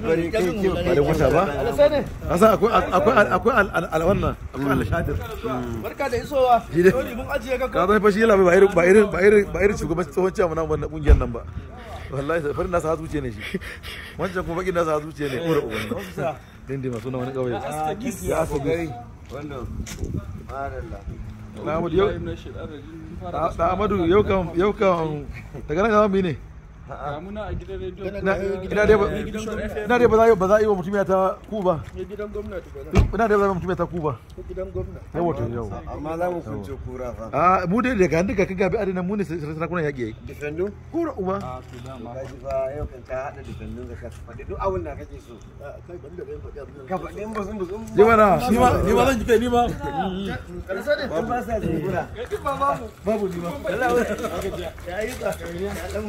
bari kai ba akwai akwai barka da isowa dole mun ajiye ka ka zai fashi labai ba irin tsohon wannan kungiyar nan ba wallahi farin nasa ha zuciya ne shi wancan kuma nasa ha zuciya ne kura masu na wani ya amadu yau da yau yau daga nan ga ne Damuna a gidan rediyo. Ina dai ba ba za a yi wa mutum ta ku ba. Gidan gwamnati ba. Ina dai ba za a mutum ta ku ba. Gidan gwamnati. Yawa to yawa. Amma za mu kunce kura fa. A mu dai daga duka kaga bi adana mu ne Sarakuna yaƙi yayi. Defendo? Kura uba. A ah, to dama. Ka ji fa yau kan ka hada defendo ga ka faɗi duk abin da kake so. Ah, kai ban da ban faɗi abin da. Ka faɗi in ba sun ba. Ni ma ni ma ni ma zan ji ni ma. Karsa ne kun ba sa jin kura. Kai ba babu. Babu ni ma. Allah ya yi ta. Ya dan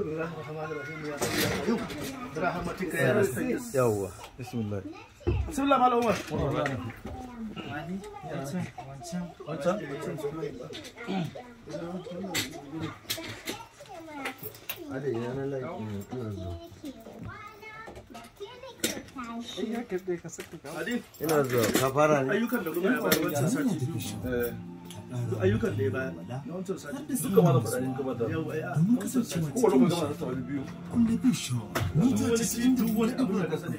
بسم الله الرحمن الرحيم يا ايوب برحمتك يا رزق يوا بسم الله بسم الله مال عمر علي انا لا ina zuwa kafara ne ayyukan da ya bayar wancan sati ayyukan da ya bayar na wancan sati duka ma da yau ai a wancan sati gaba da biyu ni ta ci duk wani abu da ka sani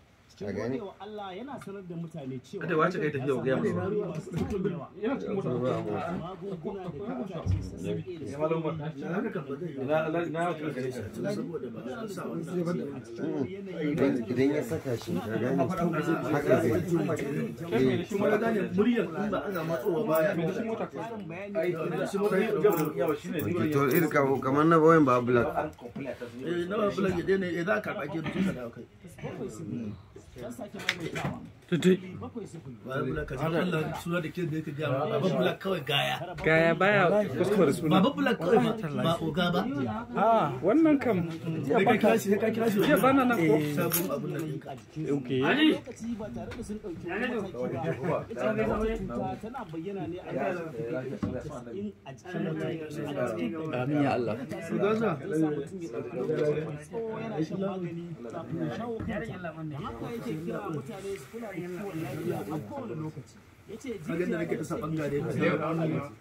gani Allah yana sanar da mutane cewa da wace kai tafiya ga yamma idan ya saka shi ka gani haka zai shi mota muryar ba matsowa baya shi mota shi mota to irin kamar na ba black eh na black idan ne idan ka kai Just like the movie. gaya baya kuskure suna baba ah, bula kawai ba oga ba a wannan kam ya ba kira shi ka kira shi ya ba na nan ko sabon abun nan okay ali tana bayyana ne a in a cikin amin ya Allah su gaza yana shan magani kafin shawo kanta haka yake kira mutane su kula kiwon lafiya a kowane lokaci ya ce jijiyar da ke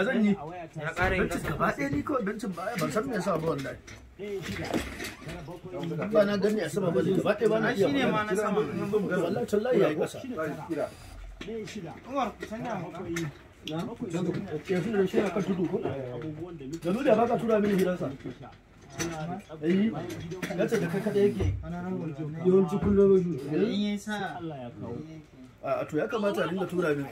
ya zan yi ya ƙara yin kasa gaba ɗaya ni kawai bencin baya ban san me yasa ba wallahi ba na gani a sama ba gaba ɗaya ba na iya na sama wallahi tallahi da shi na kan tudu ko baka tura mini hiransa Ayi, ya da kai yake yawanci kullum ya yi eh? ya a to ya kamata dinga tura mini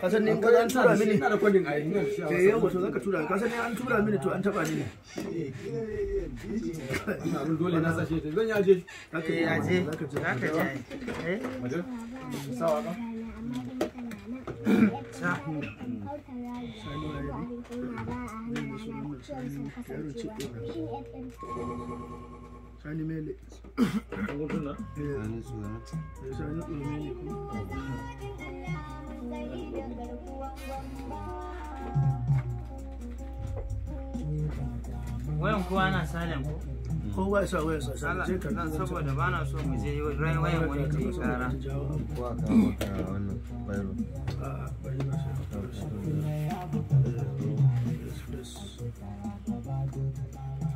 ka san ne an tura mini ina da kwadin a ina to zaka tura ka san ne an tura mini to an taba ni ne? dole na sashe zan sawa ka sa sani mele sani sani mele wayan kowa ana salen ko kowa wayan sa je kan saboda ba na so mu je ran wayan wani ta yi kara kowa ka maka wannan bayro a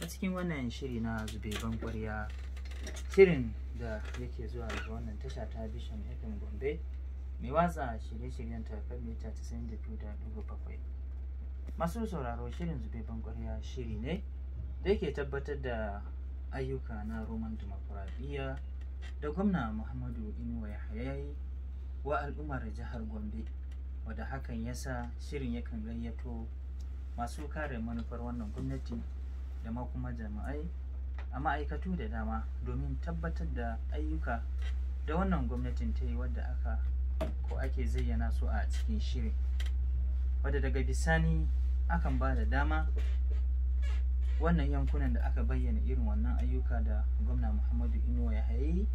a cikin wannan shiri na zubeban kwarya shirin da yake zuwa da wannan tasha ta bishan fm gombe mai watsa shirye-shiryen ta kan mita 92.7 masu sauraro shirin zubeban kwarya shiri ne da yake tabbatar da ayyuka na roman dimokuraɗiyya da gwamna muhammadu inuwa yayi wa al'ummar jihar gombe wadda hakan yasa shirin yakan gayyato masu kare manufar wannan gwamnati da ma kuma jami'ai a ma'aikatu da dama domin tabbatar da ayyuka da wannan gwamnatin ta yi wadda aka ko ake zayyana su a cikin shirin wadda daga bisani akan ba da dama wannan yankunan da aka bayyana irin wannan ayyuka da gwamna muhammadu inuwa ya hayi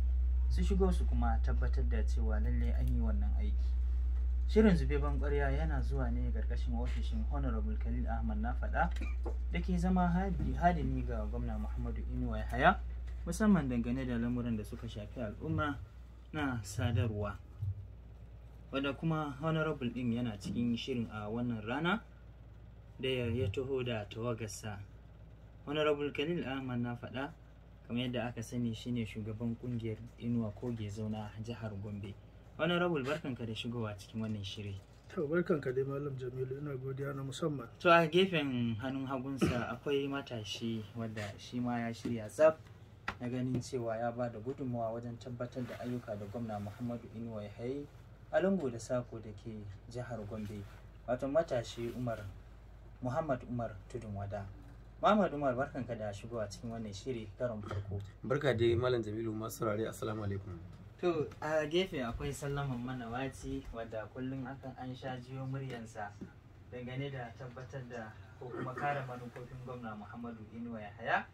su shigo su kuma tabbatar da cewa lallai an yi wannan aiki Shirin zubeban ƙwarya yana zuwa ne ƙarƙashin ofishin Honorable Khalil Ahmad na faɗa da ke zama hadimi ga gwamna Muhammadu Inuwa Yahaya musamman dangane da lamuran da suka shafi al'umma na sadarwa. Wanda kuma Honorable ɗin yana cikin shirin a wannan rana da ya taho da tawagarsa. Honorable Khalil Ahmad na faɗa kamar yadda aka sani shine shugaban ƙungiyar Inuwa Koge Zauna jihar Gombe. honorable barkanka da shigowa cikin wannan shiri to ka dai malam jamilu ina godiya na musamman to a gefen hannun hagunsa akwai matashi wadda shi ma ya shirya tsaf na ganin cewa ya ba da gudunmawa wajen tabbatar da ayyuka da gwamna muhammadu inuwa ya haye a lungu da sako da ke jihar gombe wato matashi umar muhammad umar tudun wada Muhammad Umar barkanka da shigowa cikin wannan shiri karon farko. Barka dai Malam Jamilu masu saurare Assalamu alaikum. To a gefe akwai Sallaman waci wadda kullum hakan an sha jiyo muryansa dangane da tabbatar da ko kuma kare manufofin gwamna Muhammadu Inuwa haya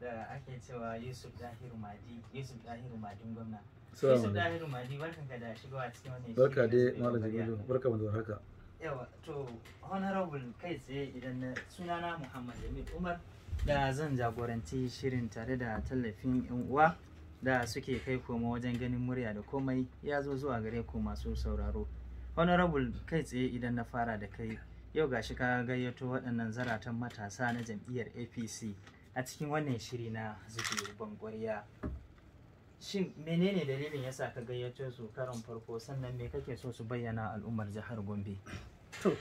da ake cewa Yusuf Dahiru Madi Yusuf Dahiru Madin gwamna. Yusuf Dahiru Madi barkan ka da shigowa cikin wannan Barka dai Malam Jibilu barka mu da haka. Yawa to honorable kai tsaye idan sunana Muhammad Jamil Umar da zan jagoranci shirin tare da tallafin 'yan uwa da suke kai koma wajen ganin murya da komai ya zo zuwa gare ku masu sauraro honorable kai tsaye idan na fara da kai yau gashi ka gayyato waɗannan zaratan matasa na jam'iyyar apc a cikin wannan shiri na zuke bangwariya shin menene dalilin sa ka gayyato su karon farko sannan me kake so su bayyana al'ummar jihar gombe to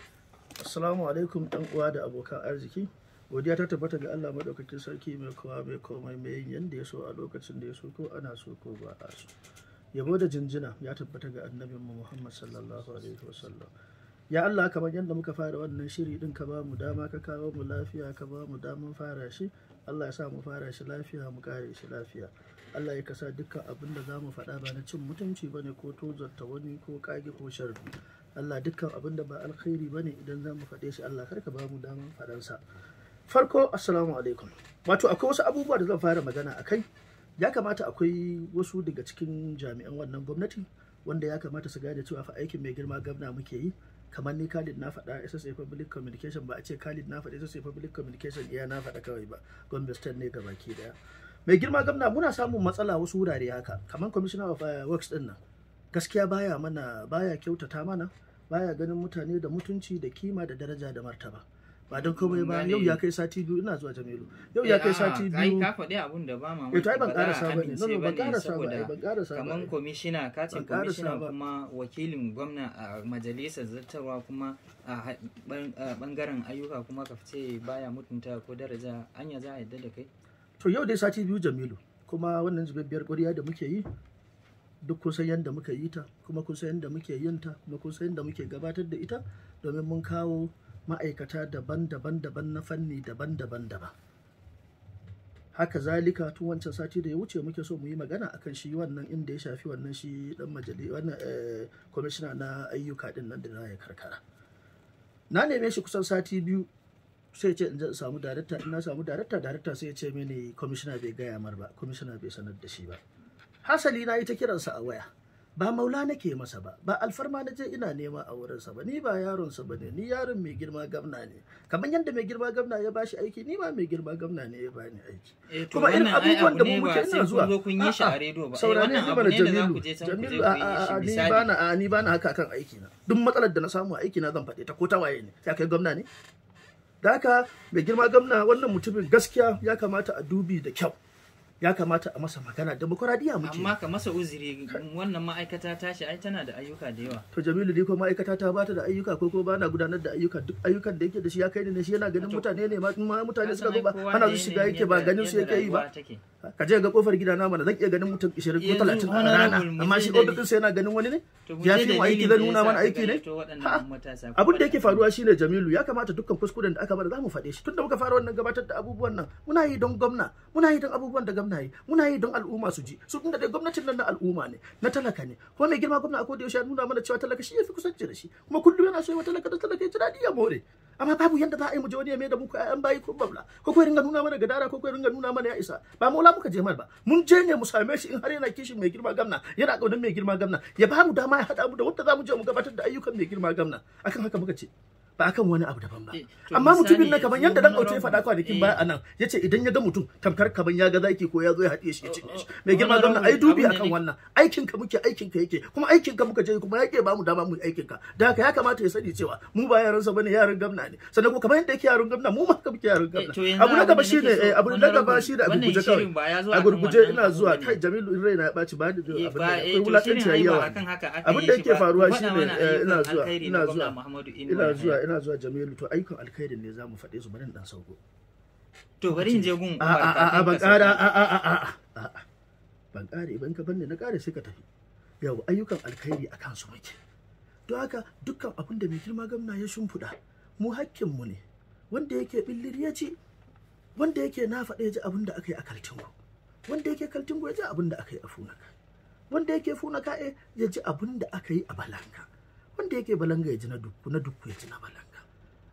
assalamu alaikum ɗan uwa da abokan arziki godiya ta tabbata ga Allah madaukakin sarki mai kowa mai komai mai yin yanda ya so a lokacin da ya so ko ana so ko ba a so yabo da jinjina ya tabbata ga annabinmu Muhammad sallallahu alaihi wasallam ya Allah kamar yadda muka fara wannan shiri din ka ba mu dama ka kawo mu lafiya ka ba mu daman fara shi Allah ya sa mu fara shi lafiya mu kare shi lafiya Allah ya kasa dukkan abin da za mu faɗa ba na cin mutunci bane ko tozarta wani ko kage ko sharri Allah dukkan abin da ba alkhairi bane idan za mu faɗe shi Allah karka ba mu damar faɗansa farko assalamu alaikum wato akwai wasu abubuwa da zan fara magana a kai ya kamata akwai wasu daga cikin jami'an wannan gwamnati wanda ya kamata su gane cewa fa aikin mai girma gwamna muke yi kamar ni Khalid na faɗa SSA Public Communication ba a ce Khalid na faɗa SSA Public Communication iya na faɗa kawai ba Gombe State ne gabaki daya mai girma gwamna muna samun matsala wasu wurare haka kamar Commissioner of eh, Works din nan gaskiya baya mana baya kyautata mana baya ganin mutane da mutunci da kima da daraja da martaba ba don komai ba yau ya kai sati biyu ina zuwa jamilu yau ya kai sati biyu ka faɗi abun da ba mamaki eh, ba ban karasa ba ne no ban karasa ba ban karasa ba kaman komishina ka ce komishina kuma wakilin gwamna a majalisar zartarwa kuma a bangaren ayyuka kuma ka ce baya mutunta ko daraja anya za a yadda da kai to yau dai sati biyu jamilu kuma wannan zubabbiyar ƙwarya da muke yi duk kun san yadda muka yi ta kuma kun san yadda muke yin ta kuma kun san yadda muke gabatar da ita domin mun kawo ma'aikata daban-daban daban na fanni daban-daban daban haka zalika tun wancan sati da ya wuce muke so mu yi magana akan shi wannan inda ya shafi wannan shi dan majali wannan eh, kwamishina na ayyuka din nan da na ya karkara na neme shi kusan sati biyu sai ce in samu darakta ina samu darakta darakta sai ya ce mini kwamishina bai gaya mar ba kwamishina bai sanar da shi ba hasali na yi ta kiransa a waya ba maula nake masa ba ba alfarma na je ina nema a wurinsa ba ni ba yaronsa ba ne ni yaron mai girma gamna ne kamar yadda mai girma gamna ya bashi aiki ni ma mai girma gamna ne ya bani aiki eh, kuma irin abubuwan da mu muke ina zuwa eh, saurare ni bana jamilu jamilu ni bana ni bana haka kan aiki na duk matsalar da na samu a aiki na zan faɗe ta ko ta waye ne ya kai gwamna ne da haka mai girma gamna wannan mutumin gaskiya ya kamata a dubi da kyau ya kamata a masa magana demokuraɗiyya muke amma ka masa uzuri wannan ma'aikata ta shi ai tana da ayyuka da yawa to jamilu dai ko ma'aikata ta bata da ayyuka ko ko ba na gudanar da ayyuka duk ayyukan da yake da shi ya kai ne shi yana ganin mutane ne ma mutane suka zo ana zuwa shiga yake ba ganin su yake yi ba ka je ga kofar gida na mana zan iya ganin mutum 20 ko 30 a rana amma shi ofisin sa yana ganin wani ne ya fi mu aiki zan nuna mana aiki ne abin da yake faruwa shine jamilu ya kamata dukkan kuskuren da aka bar za mu faɗe shi tunda muka fara wannan gabatar da abubuwan nan muna yi don gwamna muna yi don abubuwan da gwamna muna yi muna yi don al'umma su ji su tunda da gwamnatin nan na al'umma ne na talaka ne kuma mai girma gwamna akwai da yaushe ya nuna mana cewa talaka shi yafi kusanci da shi kuma kullum yana so ya talaka da talaka ya ji more amma babu yanda za a yi mu je wani ya mai da muku ƴaƴan bayi ko babla ko ko ringa nuna mana gadara ko ko ringa nuna mana ya isa ba mola muka je mar ba mun je ne mu same shi in har yana kishin mai girma gamna yana kaunar mai girma gamna ya ba mu dama ya haɗa mu da wanda za mu je mu gabatar da ayyukan mai girma gamna akan haka muka ce ba akan wani abu daban ba eh, amma mutumin na kaman yanda dan auto ya faɗa kwanakin eh. baya anan yace idan ya ga mutum tamkar kaban ya ga zaki ko ya zo ya haɗiye shi ya ci. shi oh, mai girma oh, gwamna ai dubi akan wannan aikin ka muke aikin ka yake kuma aikin ka muka je kuma yake ba mu dama mu aikin ka da haka ya kamata ya sani cewa mu ba yaransa bane yaran gwamna ne sannan ko kaman yanda yake yaran gwamna mu ma ka muke yaran eh, gwamna abu na gaba shine abu na gaba shine abu guje kawai a gurguje ina zuwa kai Jamilu in raina ya baci ba da abin da akwai wulakanci yayi yawa abin da yake faruwa shine ina zuwa ina zuwa ina zuwa ina zuwa Jamilu to ayyukan alkhairin ne za mu faɗe su bari dan sauko to bari in je gun a ban ƙara a a a a ban ƙara idan ka banne na ƙara sai ka tafi yau ayyukan alkhairi a kansu muke don haka dukkan abin da mai girma gamna ya shimfiɗa mu hakkinmu ne wanda yake billir ya ci wanda yake na faɗe ya ji abin da aka yi a kaltingo wanda yake kaltingo ya ji abin da aka yi a funaka wanda yake funaka eh, ya ji abin da aka yi a balanka wanda yake balanga ya ji na dukku na dukku ya ji na balanga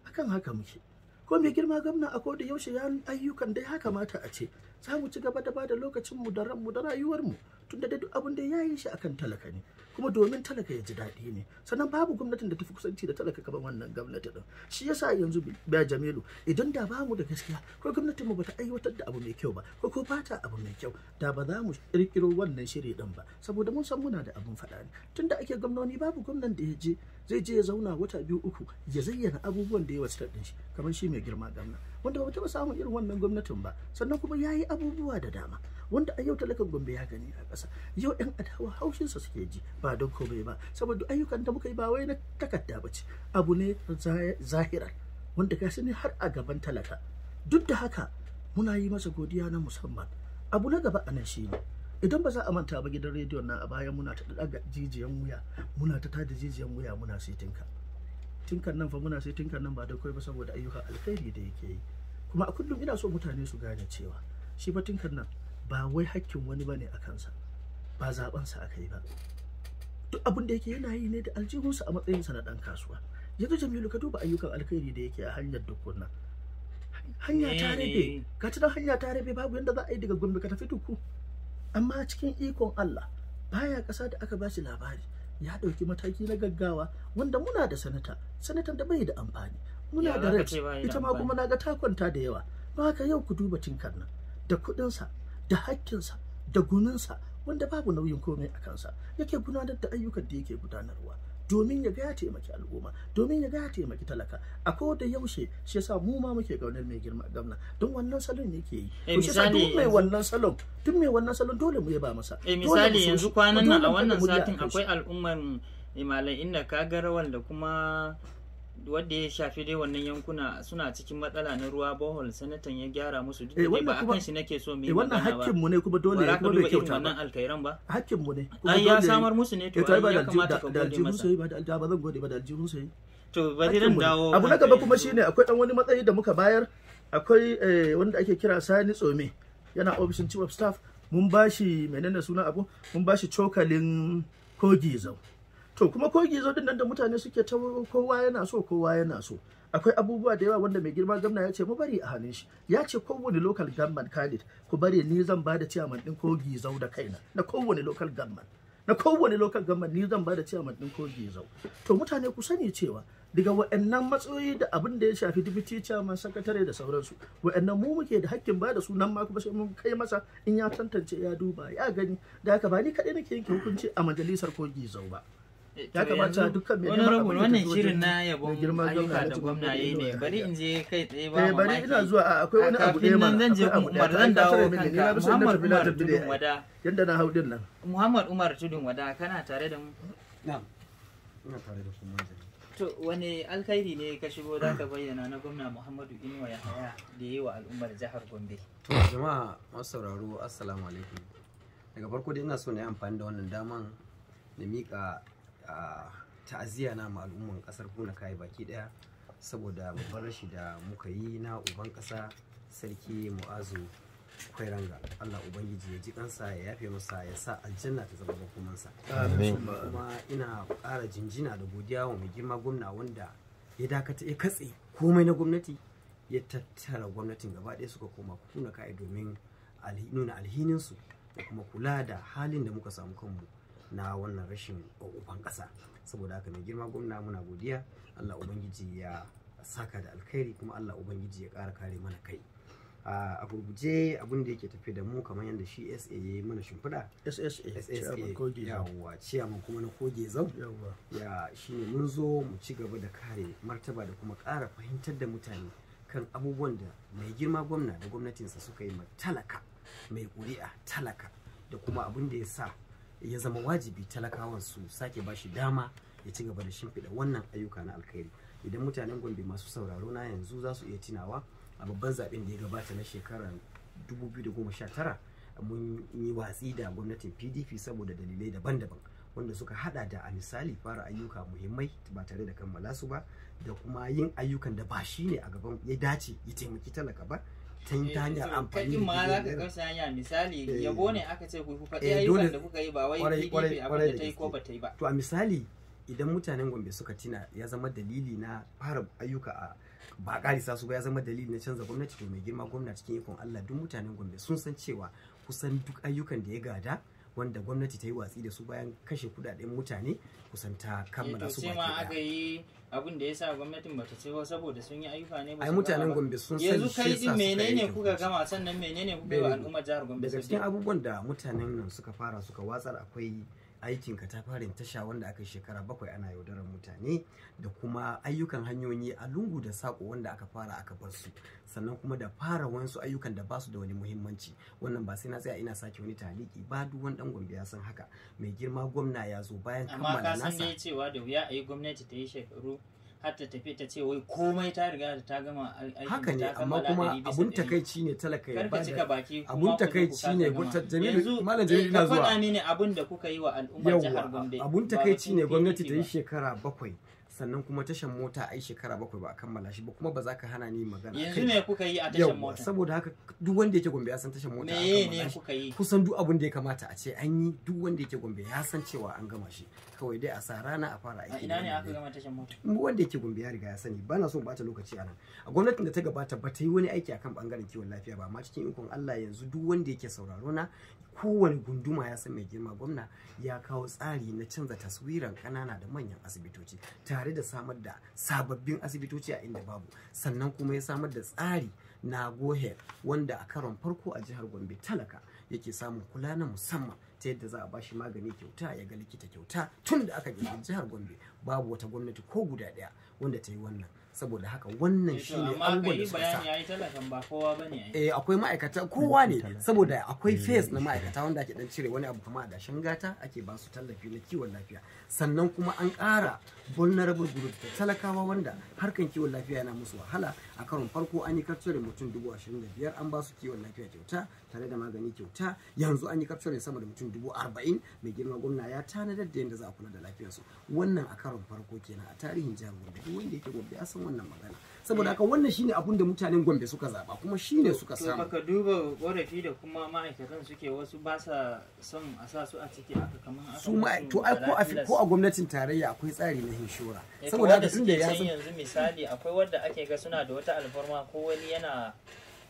akan haka muke ko mai girma gwamna a koda yaushe ya ayyukan dai haka mata a ce za mu ci gaba da bada lokacin mu da ranmu da rayuwarmu mu tunda da duk abin da ya yi shi akan talaka ne kuma domin talaka ya ji daɗi ne sannan babu gwamnatin da tafi kusanci da talaka kamar wannan gwamnati din shi yasa yanzu ba jamilu idan da ba mu da gaskiya ko gwamnatin mu bata aiwatar da abu mai kyau ba ko ko bata abu mai kyau da ba za mu kirkiro wannan shiri din ba saboda mun san muna da abun faɗa ne tunda ake gwamnoni babu gwamnan da ya je zai je ya zauna wata biyu uku ya zayyana abubuwan da ya wasu ɗin shi kamar shi mai girma gamna wanda ba taɓa samun irin wannan gwamnatin ba sannan kuma ya yi abubuwa da dama wanda a yau talakan gombe ya gani a ƙasa yau yan adawa haushinsa suke ji ba don komai ba saboda ayyukan da muka yi ba wai na takarda ba ce abu ne zahirar wanda ka sani har a gaban talaka duk da haka muna yi masa godiya na musamman abu na gaba a nan ne. idan ba za a manta ba gidan rediyon na, a baya muna ta daga jijiyan wuya muna ta tada jijiyan wuya muna sai tinka tinkan nan fa muna sai tinkan nan ba da kai ba saboda ayyukan alkhairi da yake yi kuma a kullum ina so mutane su gane cewa shi ba tinkan nan ba wai hakkin wani bane a kansa ba zaben sa aka ba duk abin da yake yana yi ne da aljihunsa a matsayinsa na dan kasuwa yanzu Jamilu ka duba ayyukan alkhairi da yake a hanyar dukkan hanya ta eh. rabe ka hanya ta rabe babu yanda za a yi daga gombe ka tafi duku amma cikin ikon Allah baya ƙasa da aka bashi labari ya ɗauki mataki na gaggawa wanda muna da sanata sanatan da bai da amfani muna da rex ita ma kuma na ga ta kwanta da yawa ba haka yau ku duba tinkar nan da kuɗinsa da hakkinsa da guninsa wanda babu nauyin komai a kansa yake gudanar da ayyukan da yake gudanarwa domin ya ga ya taimaki al'umma domin ya ga ya taimaki talaka a ko da yaushe shi yasa mu ma muke gaunar mai girma gwamna don wannan salon ne ke yi eh, to shi yasa duk mai wannan salon duk mai wannan salon dole mu yaba masa eh misali yanzu kwanan nan a wannan satin akwai al'umman imalai eh, inda ka ga rawar da kuma wadda ya shafi dai wannan yankuna suna cikin matsala na ruwa bohol sanatan ya gyara musu duk da eh, ba kan shi nake so mu yi eh, wannan hakkin mu ne kuma dole ya kuma kyauta ba wannan alkairan ba hakkin mu ne kuma dole ya samar musu ne to eh, ai ya kamata ka gode ba da ba zan gode ba da aljihun sai to ba zan dawo abu na gaba kuma shine akwai dan wani matsayi da muka bayar akwai wanda ake kira Sani Tsome yana ofishin chief of staff mun bashi menene suna abu mun bashi cokalin kogi zau to kuma kogi zo din nan da mutane suke ta kowa yana so kowa yana so akwai abubuwa da yawa wanda mai girma gwamna ya ce mu bari a hannun shi ya ce kowane local government candidate ku bari ni zan bada chairman din kogi zo da kaina na kowane local government na kowane local government ni zan bada chairman din kogi zo to mutane ku sani cewa daga wa'annan matsayoyi da abin da ya shafi dibiti chairman sakatare da sauransu wa'annan mu muke da hakkin ba da sunan ma kuma sai mun kai masa in ya tantance ya duba ya gani da haka ba ni kaɗai nake yanke hukunci a majalisar kogi zo ba ya kamata dukkan mai neman abin wannan shirin na yabon ayyuka da gwamna yayi ne bari in je kai tsaye ba eh, mamaki bari ina zuwa akwai wani abu ɗaya ma zan je Umar zan dawo kanka Muhammad Umar Tudun Wada yanda na haudin nan Muhammad Umar Tudun Wada kana tare da mu na'am ina tare da kuma to wani alkhairi ne ka shigo za ka bayyana na gwamna Muhammadu Inuwa Yahaya da yi wa al'ummar jihar Gombe to jama'a masu sauraro assalamu alaikum daga farko dai ina so na yi amfani da wannan daman na miƙa ta'aziyya na al'umman kasar kuna kayi baki daya saboda babban rashi da muka yi na uban kasa sarki mu'azu kwairanga Allah ubangiji ya ji kansa ya yafe masa ya sa aljanna ta zama bakumansa. kuma ina kara jinjina da godiya wa mai girma gwamna wanda ya dakata ya katse komai na gwamnati ya tattara gwamnatin gaba ɗaya suka koma kuna kai domin nuna alhininsu da kuma kula da halin da muka samu kanmu na wannan rashin uban ƙasa saboda haka mai girma gwamna muna godiya Allah ubangiji ya saka da alkhairi kuma Allah ubangiji ya ƙara kare mana kai a gurguje abin da yake tafi da mu kamar yadda shi sa ya yi mana shimfiɗa ssa yawa kuma na koge zau ya shi ne mun zo mu ci gaba da kare martaba da kuma ƙara fahimtar da mutane kan abubuwan da mai girma gwamna da gwamnatinsa suka yi ma talaka mai ƙuri'a talaka da kuma abin da ya sa ya zama wajibi talakawan su sake bashi dama ya ci gaba da shimfiɗa wannan ayyuka na alkhairi idan mutanen gombe masu sauraro na yanzu za su iya tunawa a babban zaɓen da ya gabata na shekarar 2019 mun yi watsi da gwamnatin pdp saboda dalilai daban-daban wanda suka hada da a misali fara ayyuka muhimmai ba tare da kammala su ba da kuma yin ayyukan da ba shi ne a gaban ya dace ya taimaki talaka ba ta yi hanyar eh, amfani da ma za ka kausa hanya misali eh. yabo ne aka ce ku faɗi eh, ayyukan da kuka yi ba wai PDP abin da ta yi ko ba ta yi ba to a misali idan mutanen Gombe suka tina ya zama dalili na fara ayyuka a ba karisa su ba ya zama dalili na canza gwamnati to mai girma gwamnati cikin ikon Allah duk mutanen Gombe sun san cewa kusan duk ayyukan da ya gada wanda gwamnati ta yi watsi da su bayan kashe kudaden mutane kusanta ta kammala su eh, baki daya. aka yi abin da ya sa gwamnatin bata ce ba saboda sun yi ayyuka ne ba. Ai mutanen Gombe sun san yanzu kai din menene kuka gama sannan menene kuka yi wa al'ummar jihar Gombe. Daga cikin abubuwan da mutanen nan suka fara suka watsar akwai aikinka ta farin tasha wanda aka yi shekara bakwai ana yaudarar mutane da kuma ayyukan hanyoyi a lungu da sako wanda aka fara aka bar su sannan kuma da fara wasu ayyukan da basu da wani muhimmanci wannan ba sai na tsaya ina sake wani taliki ba duk wani dan ya san haka mai girma gwamna ya zo bayan kammala nasa amma ka san cewa da wuya ayi gwamnati ta yi shekaru har ta tafi ta ce wai komai ta riga da ta gama aikin haka ne amma kuma abun takaici ne talaka ya bada cika baki abun takaici ne gwata jamilu malam eh, jamilu ina zuwa faɗa mini abin da kuka yi wa al'ummar jihar Gombe abun takaici ne gwamnati ta yi shekara bakwai sannan kuma tashan mota ai shekara bakwai ba a kammala shi ba kuma ba za ka hana ni magana yanzu ne kuka yi a tashan mota saboda haka duk wanda yake gombe ya san tashan mota ne ne kuka yi kusan duk abin da ya kamata a ce an yi duk wanda yake gombe ya san cewa an gama shi kawai dai a sa rana a fara aiki ina ne aka gama tashin mota wanda yake gombe ya riga ya sani bana son bata lokaci a nan a gwamnatin da ta gabata ba ta yi wani aiki akan bangaren kiwon lafiya ba amma cikin ikon Allah yanzu duk wanda yake sauraro na kowane gunduma ya san mai girma gwamna ya kawo tsari na canza taswiran kanana da manyan asibitoci tare da samar da sababbin asibitoci a inda babu sannan kuma ya samar da tsari na gohe wanda a karon farko a jihar gombe talaka yake samun kula na musamman ta yadda za a bashi magani kyauta ya ga likita kyauta tun da aka gina jihar gombe babu wata gwamnati ko guda ɗaya wanda ta yi wannan saboda haka wannan eh shi ne abubuwan da su kasa eh, akwai ma'aikata kowa ne saboda akwai eh, fes na ma'aikata wanda ake dan cire wani abu kama adashin gata ake ba su tallafi na kiwon lafiya sannan kuma an ƙara vulnerable group talakawa wanda harkan kiwon lafiya yana musu wahala a karon farko an yi da mutum dubu ashirin da an ba su kiwon lafiya kyauta tare da magani kyauta yanzu an yi da sama da mutum dubu arba'in mai girma gwamna ya tanadar da yadda za a kula da su, wannan a karon farko kenan a tarihin jihar gombe duk wanda yake gombe ya san wannan magana saboda haka wannan shine abun da mutanen Gombe suka zaba kuma shine suka samu to duba korafi da kuma ma'aikatan suke wasu ba sa son a sa su a ciki haka kamar su ma to ai ko a ko a gwamnatin tarayya akwai tsari na inshora eh, saboda haka tunda ya yanzu misali akwai wanda ake ga suna da wata alfarma ko wani yana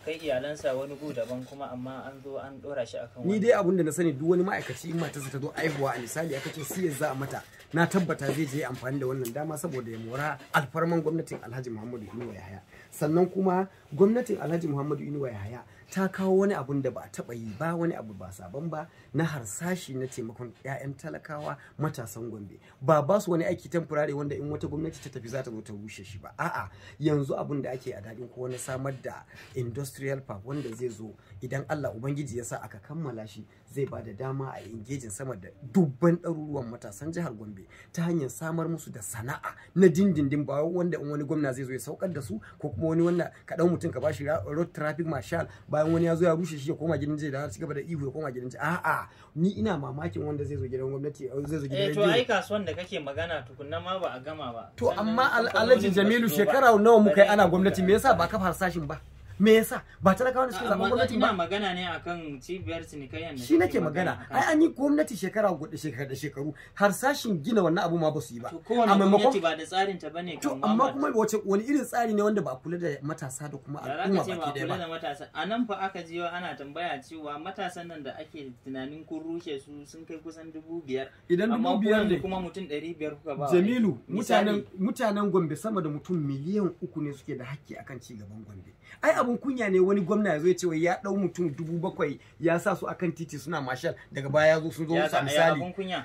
kai iyalansa wani gu daban kuma amma an zo an dora shi akan ni dai abun da na sani duk wani ma'aikaci in matarsa ta zo aihuwa a misali aka ce siyar yanzu a mata na tabbata zai je amfani da wannan dama saboda ya mora alfarman gwamnatin Alhaji Muhammadu Inuwa Yahaya sannan kuma gwamnatin Alhaji Muhammadu Inuwa Yahaya ta kawo wani abun da ba taɓa yi ba wani abu ba sabon ba na harsashi na taimakon 'ya'yan talakawa matasan gombe ba ba su wani aiki temporary wanda in wata gwamnati ta tafi za ta zo ta rushe shi ba a'a yanzu abun da ake a daɗin ko na samar da industrial park wanda zai zo idan allah ubangiji ya sa aka kammala shi zai ba da dama a ingejin sama da dubban ɗaruruwan matasan jihar Gombe ta hanyar samar musu da sana'a na dindindin ba wanda in wani gwamna zai zo ya saukar da su ko kuma wani wanda ka ɗau mutum ka bashi road traffic marshal bayan wani ya zo ya rushe shi ya koma gidan jiya da ci gaba da ihu ya koma gidan jiya a'a ni ina mamakin wanda zai zo gidan gwamnati eh, zai zo gidan eh, to ai kasuwan da kake magana tukunna ma ba a gama ba to amma alhaji Jamilu shekara nawa muka yi ana gwamnati me yasa ba kafa harsashin ba me yasa ba talakawa da suke zaɓen gwamnati ba magana ne akan cibiyar cinikayya shi nake magana ai an yi gwamnati shekara gudu shekara da shekaru har sashin gina wannan abu ma ba su yi ba a maimakon ba da tsarin ta bane to amma kuma wace wani irin tsari ne wanda ba kula da matasa da kuma al'umma ba ke da matasa a nan fa aka jiyo ana tambaya cewa matasan nan da ake tunanin kun rushe su sun kai kusan dubu biyar idan dubu biyar ne kuma mutum ɗari biyar kuka ba jamilu mutanen mutanen gombe sama da mutum miliyan uku ne suke da hakki akan ci gaban gombe ai abun kunya ne wani gwamna yazo ya ce wai ya dau mutum dubu bakwai ya sa su akan titi suna marshal daga baya yazo sun zo su misali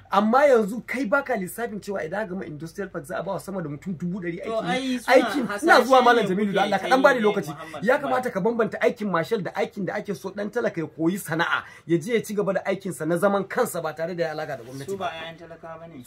amma yanzu kai baka lissafin cewa idan gama industrial park za a bawa sama da mutum dubu dari aiki aikin ina zuwa malam Jamilu da Allah ka dan bani lokaci ya kamata ka bambanta aikin marshal da aikin da ake so dan talaka ya koyi sana'a ya je ya ci gaba da aikin sa na zaman kansa ba tare da ya alaka da gwamnati su ba ayan talaka bane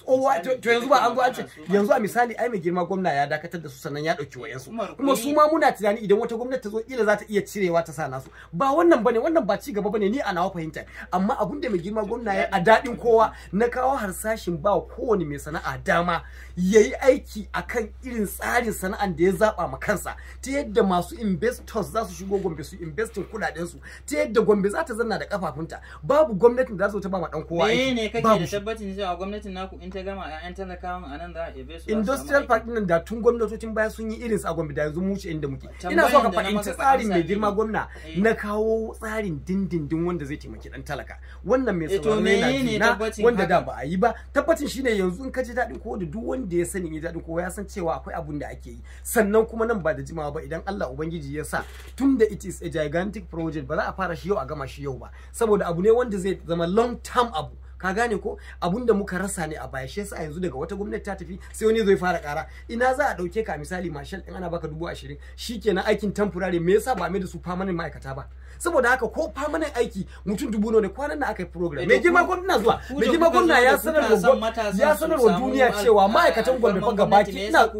to yanzu ba an yanzu a misali ai mai girma gwamna ya dakatar da su sannan ya dauki wayansu kuma su ma muna tunani idan wata gwamnati ta zo kila za ta iya cirewa ta sa nasu ba wannan bane wannan ba ci gaba bane ni a nawa fahimta amma abun da mai girma gwamna ya a dadin kowa na kawo harsashin ba kowane mai sana'a dama yayi aiki akan irin tsarin sana'an da ya zaba ma kansa ta yadda masu investors za su shigo Gombe su investin kudaden su ta yadda Gombe za ta zanna da kafafunta babu gwamnatin da za su ta ba ma dan kowa aiki ne kake da tabbacin cewa gwamnatin naku in ta gama ƴaƴan talakawan anan za a ebe su industrial park din da tun gwamnatocin baya sun yi irin sa Gombe da yanzu mu ce inda muke ina so ka faɗi fahimci tsarin mai girma gwamna eh. na kawo tsarin dindindin wanda zai taimaki dan talaka wannan mai eh, sauraro ne na wanda da ba a yi ba tabbacin shine yanzu in ka ji daɗin ko da duk wanda ya sani ya daɗin ko ya san cewa akwai abun da ake yi sannan kuma nan ba da jimawa ba idan Allah ubangiji ya sa tun da it is a gigantic project ba za a fara shi yau a gama shi yau ba saboda abu ne wanda zai zama long term abu ka gane ko abun da muka rasa ne a baya shi yasa yanzu daga wata gwamnati ta tafi sai wani zai fara kara ina za a dauke ka misali marshal in ana baka dubu ashirin shikenan aikin temporary me yasa ba mai da su permanent ma'aikata ba saboda haka ko permanent aiki mutum dubu ne kwanan nan aka yi program eh, me girma gwamna zuwa me girma gwamna ya sanarwa ya sanarwa duniya cewa ma'aikatan gwamnati fa ki ina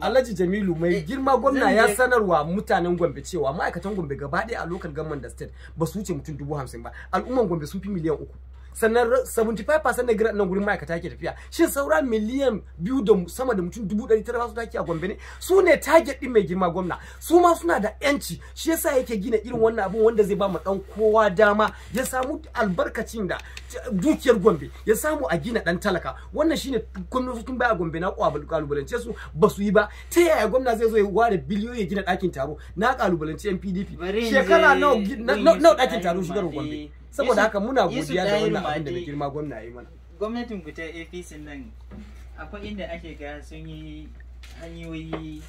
Alhaji Jamilu mai eh, girma gwamna ya sanarwa mutanen Gombe cewa ma'aikatan Gombe gaba ɗaya a local government da state ba su wuce mutum dubu hamsin ba al'umman Gombe sun fi miliyan uku sannan 75% na grant nan gurin ma'aikata ke tafiya shin saura miliyan biyu da sama da mutum dubu ɗari tara su take a gombe ne su ne target ɗin mai girma gwamna su ma suna da yanci shi yasa yake gina irin wannan abun wanda zai ba mu ɗan kowa dama ya samu albarkacin da dukiyar gombe ya samu a gina ɗan talaka wannan shine gwamnatocin baya gombe na kalubalance su ba su yi ba ta yaya gwamna zai zo ya ware biliyoyi ya gina ɗakin taro na kalubalance yan pdp shekara nawa ɗakin taro shigar gombe saboda haka muna godiya da wannan abin da mai girma gwamna yi mana gwamnatin ku ta APC nan akwai inda ake ga sun yi hanyoyi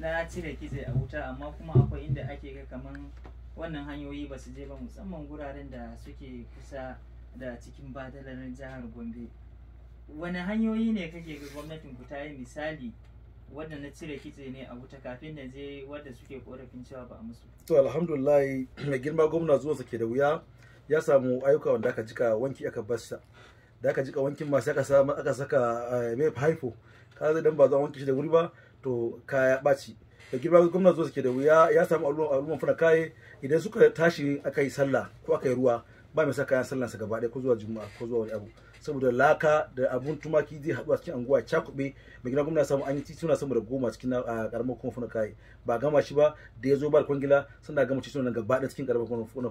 na cire kitse a wuta amma kuma akwai inda ake ga kaman wannan hanyoyi ba su je ba musamman guraren da suke kusa da cikin badalar jihar Gombe wani hanyoyi ne kake ga gwamnatin ku ta yi misali wadda na cire kitse ne a wuta kafin na je wadda suke korafin cewa ba a musu to alhamdulillah mai girma gwamna zuwa ke da wuya ya samu ayyuka wanda aka jika wanki aka bassa da aka jika wankin masu aka sama aka saka eh, mai haifo zai dan ba zan wanki shi da wuri ba to ya ɓaci da girma gwamna zuwa suke da wuya ya samu al'umman fana kaye idan suka tashi aka yi sallah ko aka yi ruwa ba mai sa kayan sallah sa gaba ɗaya ko zuwa juma'a ko zuwa wani abu saboda laka da abun tumaki zai haɗu a cikin anguwa cakuɓe mai gina gwamna samu an yi tituna sama da goma cikin karamar kuma funa kayi ba gama shi ba da ya zo ba da kwangila suna gama tituna suna gaba da cikin ƙaramar kuma funa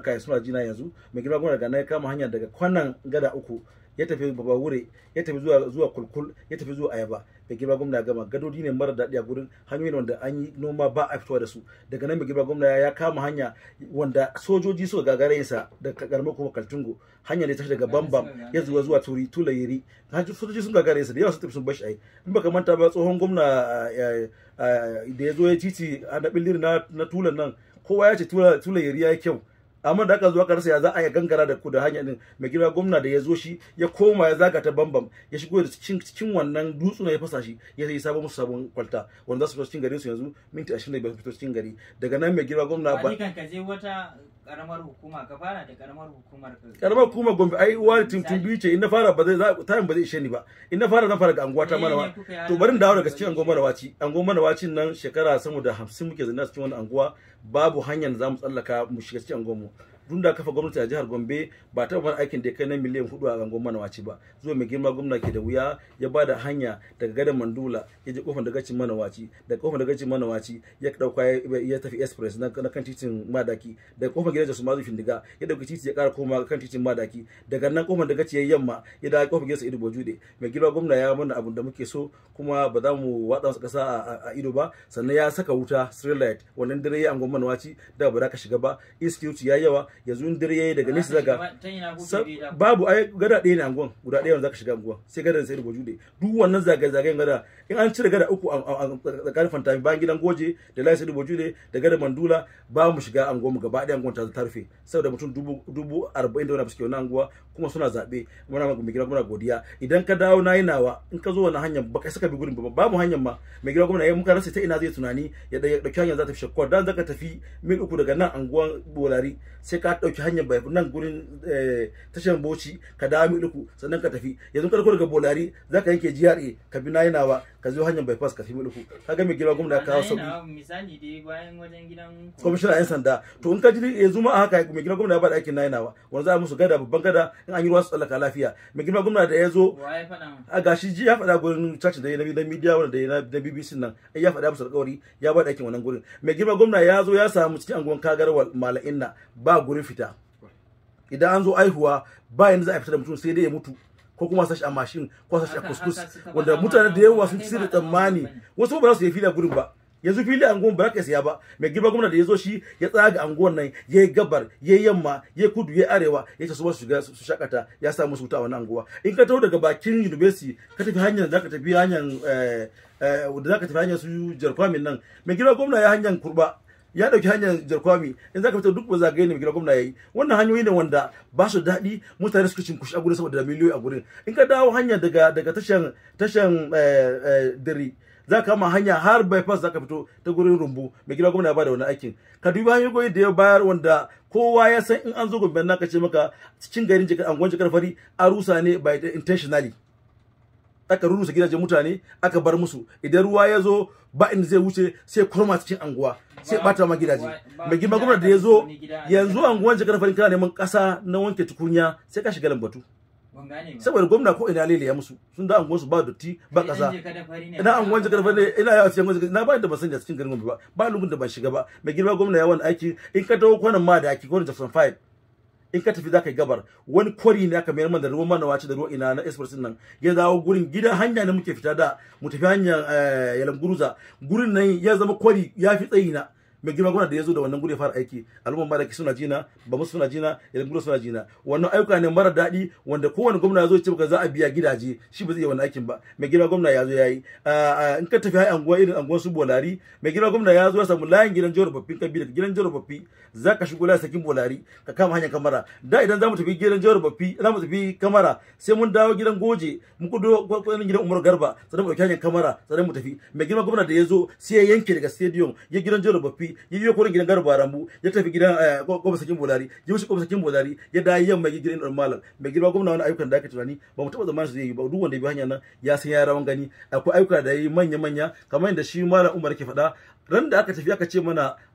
kayi suna jina yanzu mai gina gwamna daga na kama hanya daga kwanan gada uku ya tafi babawure ya tafi zuwa zuwa kulkul ya tafi zuwa ayaba da girma gwamna gama gadodi ne mara daɗi a gurin hanyoyi wanda an yi noma ba a fitowa da su daga nan mai girma gwamna ya kama hanya wanda sojoji suka gagara yinsa da karamar kuma kaltungo hanya ne ta daga bambam ya zuwa zuwa turi tula yiri sojoji sun gagara yinsa da yawa sun tafi sun bashi ai in baka manta ba tsohon gwamna eh, eh, eh, da ya zo ya titi a na na tulan nan kowa ya ce tula yiri ya yi kyau amma da aka zo aka rasa ya za a yi gangara da ku da hanya din mai girma gwamna da ya zo shi ya koma ya zagata ta bambam ya shigo da cikin wannan dutsu ya fasa shi ya yi sabon musu sabon kwalta wanda za su fito cikin garin su yanzu minti 25 su fito cikin gari daga nan mai girma gwamna ba kan karamar hukuma ka fara da karamar hukumar ka karamar hukuma gombe ai uwa biyu ce in na fara ba zai time ba zai ishe ni ba in na fara zan fara da anguwa ta marawa to barin dawo daga cikin anguwa marawaci anguwa marawacin nan shekara sama da 50 muke zanna cikin wannan anguwa babu hanyar da zamu tsallaka mu shiga cikin anguwa mu dun da kafa gwamnati a jihar Gombe ba ta ban aikin da kai na miliyan hudu a gangon manawaci ba zuwa mai girma gwamna ke da wuya ya ba da hanya daga gadan Mandula ya je kofar daga cin manawaci daga kofar daga cin manawaci ya dauka ya tafi express na kan titin Madaki daga kofar gidan Jasu Mazu Findiga ya dauki titi ya kara koma kan titin Madaki daga nan kofar daga cikin yamma ya dawo kofar gidan Ido Bojude mai girma gwamna ya mana abun da muke so kuma ba za mu watsa wasu kasa a ido ba sannan ya saka wuta street light wannan dare ya angon manawaci da ba za ka shiga ba institute ya yawa yanzu in dare yayi daga nesa daga babu ai gada ɗaya ne anguwan guda ɗaya wanda zaka shiga anguwan sai gada sai da jude duk wannan zaga zagayen gada in an cire gada uku a tsakanin tafi bayan gidan goje da lai sai da jude da gada mandula ba mu shiga anguwan mu gaba ɗaya anguwan ta tarfe saboda mutum dubu arba'in da wani fuske wannan anguwa kuma suna zaɓe muna mai gida muna godiya idan ka dawo na yi nawa in ka zo wani hanyar ba kai saka bi gurin ba mu hanyar ma mai gida gwamna ya muka rasa ta ina zai tunani ya ɗauki hanyar za ta fi shakkuwa dan zaka tafi mil uku daga nan anguwan bolari sai ka dauki hanyar bai nan gurin eh, tashar boci ka dawo uku sannan ka tafi yanzu ka daga bolari zaka yanke GRA ka bi na ba ka zo hanyar bypass ka fi duku ka ga mai gina gwamna ka wasu misali dai bayan wajen gidan kwamishina yan sanda to in ka ji eh, zuma a haka mai gida gwamna ya ba da aikin nainawa wanda za a musu gada babban gada in an yi ruwa su tsallaka lafiya mai gida gwamna da ya zo a gashi ji ya faɗa gurin caci da na media wanda da na BBC nan ya faɗa musu alƙawari ya ba da aikin wannan gurin mai gida gwamna ya zo ya samu cikin anguwan kagarwar mala'inna ba gurin fita idan an zo aihuwa ba yanzu za a fita da mutum sai dai ya mutu ko kuma sashi a mashin ko sashi a kuskus wanda mutane da yawa sun tsira tsammani wasu ba za su yi fili a gurin ba yanzu fili anguwan ba za ka siya ba mai girma gwamna da ya zo shi ya tsaga anguwan nan ya yi gabar ya yi yamma ya yi kudu ya yi arewa ya ce su wasu shiga su shakata ya sa musu wuta a wannan anguwa in ka taho daga bakin university ka tafi hanyar da ka tafi hanyar eh, eh, da za ka tafi hanyar su jarfamin nan mai girma gwamna ya hanyar kurba ya dauki hanyar jarkwami in zaka fita duk ba ka ne mai gwamna yayi wannan hanyoyi ne wanda ba su daɗi mutane suka cin kushi a gurin saboda miliyoyi a gurin in ka dawo hanya daga daga tashan tashan eh, eh, dare za ka kama hanya har bypass za ka fito ta gurin rumbu mai gida gwamna ya bada wani aikin ka dubi hanyoyi da ya bayar wanda kowa ya san in an zo gobe na ka ce maka cikin garin jikar angon jikar fari a rusa ne by intentionally aka rurusa gidajen mutane aka bar musu idan ruwa ya zo ba inda zai wuce sai kurma cikin anguwa sai bata ma gidaje mai girma gwamnati da ya zo yanzu anguwan jikar farin kana neman kasa na wanke tukunya sai ka shiga lambatu saboda gwamna ko ina lele ya musu sun da anguwan su ba dotti ba kasa ina anguwan jikar farin ina yawa cikin anguwan na ba da ban sani cikin garin gwamnati ba ba lungun da ban shiga ba mai girma gwamna ya wani aiki in ka dawo kwanan ma da aiki gwamnati Jackson fayil. in ka tafi zaka yi gabar wani kwari ne aka mayar mana da ruwan manawaci da ruwan ina na express nan ya dawo gurin gida hanya ne muke fita da mu tafi hanyar eh, yalanguruza gurin nan ya zama kwari ya fi tsayi na mai girma gwamna da ya zo da wannan gure ya fara aiki al'umma mara ki suna jina ba musu suna jina idan gure suna jina wannan ayyuka ne mara daɗi wanda kowane gwamna ya zo ce baka za a biya gidaje shi ba zai iya wannan aikin ba mai girma gwamna ya zo ya yi in ka tafi hayan anguwa irin anguwan su bolari mai girma gwamna ya zo ya samu layin gidan jihar babbi ka bi gidan jihar babbi za ka shigo layin sakin bolari ka kama hanyar kamara da idan za mu tafi gidan jihar babbi za mu tafi kamara sai mun dawo gidan goje mu kudo gidan umar garba sannan mu ɗauki hanyar kamara sannan mu tafi mai girma gwamna da ya zo sai ya yanke daga stadium ya gidan jihar babbi yi yi korin gidan garba rambu ya tafi gidan eh, gwamnati sakin bolari ya wuce gwamnati sakin bolari ya da yamma ya gidan malam mai girma gwamna wani ayyukan da aka tunani ba mu taɓa zamanin su zai yi ba duk wanda ya bi hanyar nan ya san ya rawan gani akwai ayyuka da ya yi manya manya kamar yadda shi malam umar ke faɗa ran da aka tafi aka ce mana